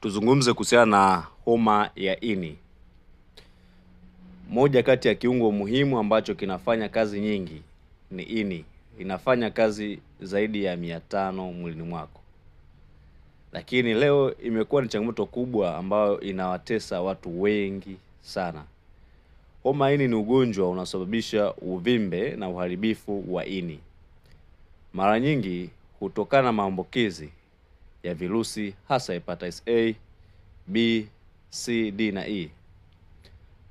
Tuzungumze kuhusiana na homa ya ini. Moja kati ya kiungo muhimu ambacho kinafanya kazi nyingi ni ini. Inafanya kazi zaidi ya mia tano mwilini mwako, lakini leo imekuwa ni changamoto kubwa ambayo inawatesa watu wengi sana. Homa ini ni ugonjwa unaosababisha uvimbe na uharibifu wa ini, mara nyingi hutokana na maambukizi ya virusi hasa hepatitis A, B, C, D na E.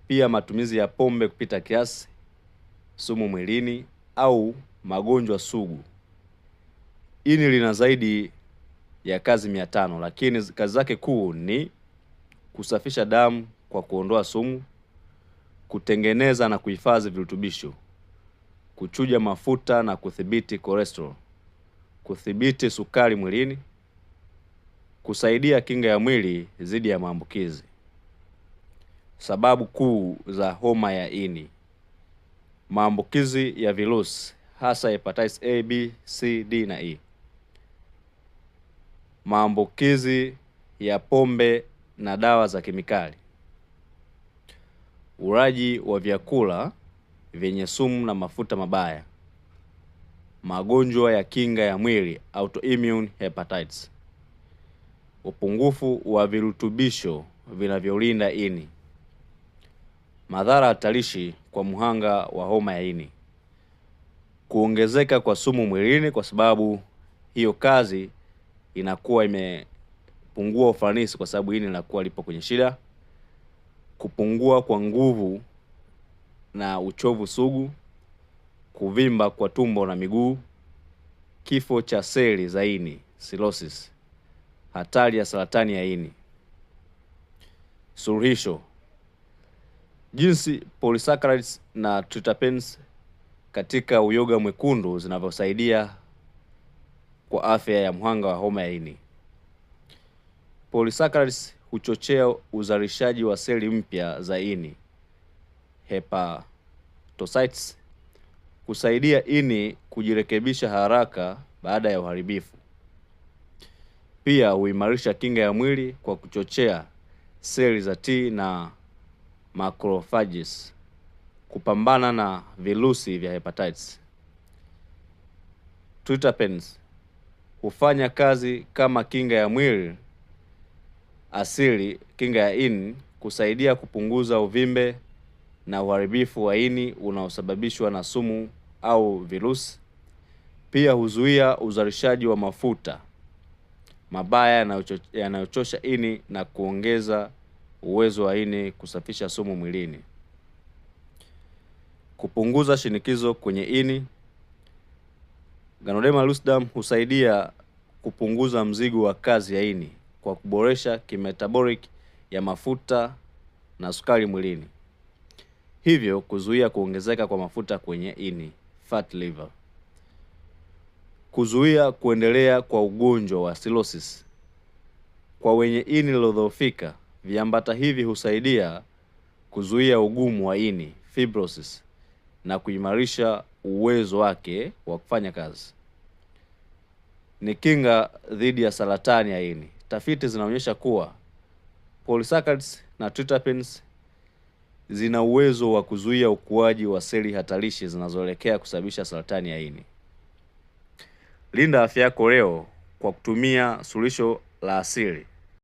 Pia matumizi ya pombe kupita kiasi, sumu mwilini au magonjwa sugu. Ini lina zaidi ya kazi mia tano lakini kazi zake kuu ni kusafisha damu kwa kuondoa sumu, kutengeneza na kuhifadhi virutubisho, kuchuja mafuta na kudhibiti cholesterol, kudhibiti sukari mwilini kusaidia kinga ya mwili dhidi ya maambukizi. Sababu kuu za homa ya ini: maambukizi ya virusi hasa hepatitis A, B, C, D na E, maambukizi ya pombe na dawa za kemikali, ulaji wa vyakula vyenye sumu na mafuta mabaya, magonjwa ya kinga ya mwili autoimmune hepatitis upungufu wa virutubisho vinavyolinda ini, madhara hatarishi kwa mhanga wa homa ya ini, kuongezeka kwa sumu mwilini, kwa sababu hiyo kazi inakuwa imepungua ufanisi, kwa sababu ini linakuwa lipo kwenye shida, kupungua kwa nguvu na uchovu sugu, kuvimba kwa tumbo na miguu, kifo cha seli za ini cirrhosis hatari ya saratani ya ini. Suluhisho: jinsi polysaccharides na triterpenes katika uyoga mwekundu zinavyosaidia kwa afya ya mhanga wa homa ya ini. Polysaccharides huchochea uzalishaji wa seli mpya za ini hepatocytes, kusaidia ini kujirekebisha haraka baada ya uharibifu. Pia huimarisha kinga ya mwili kwa kuchochea seli za T na macrophages kupambana na virusi vya hepatitis. Triterpenes hufanya kazi kama kinga ya mwili asili, kinga ya ini, kusaidia kupunguza uvimbe na uharibifu wa ini unaosababishwa na sumu au virusi. Pia huzuia uzalishaji wa mafuta mabaya yanayochosha ini na kuongeza uwezo wa ini kusafisha sumu mwilini, kupunguza shinikizo kwenye ini. Ganoderma lucidum husaidia kupunguza mzigo wa kazi ya ini kwa kuboresha kimetabolic ya mafuta na sukari mwilini, hivyo kuzuia kuongezeka kwa mafuta kwenye ini, fat liver kuzuia kuendelea kwa ugonjwa wa silosis kwa wenye ini lilodhoofika. Viambata hivi husaidia kuzuia ugumu wa ini fibrosis, na kuimarisha uwezo wake wa kufanya kazi. Ni kinga dhidi ya saratani ya ini. Tafiti zinaonyesha kuwa polysaccharides na triterpenes zina uwezo wa kuzuia ukuaji wa seli hatarishi zinazoelekea kusababisha saratani ya ini. Linda afya yako leo kwa kutumia suluhisho la asili.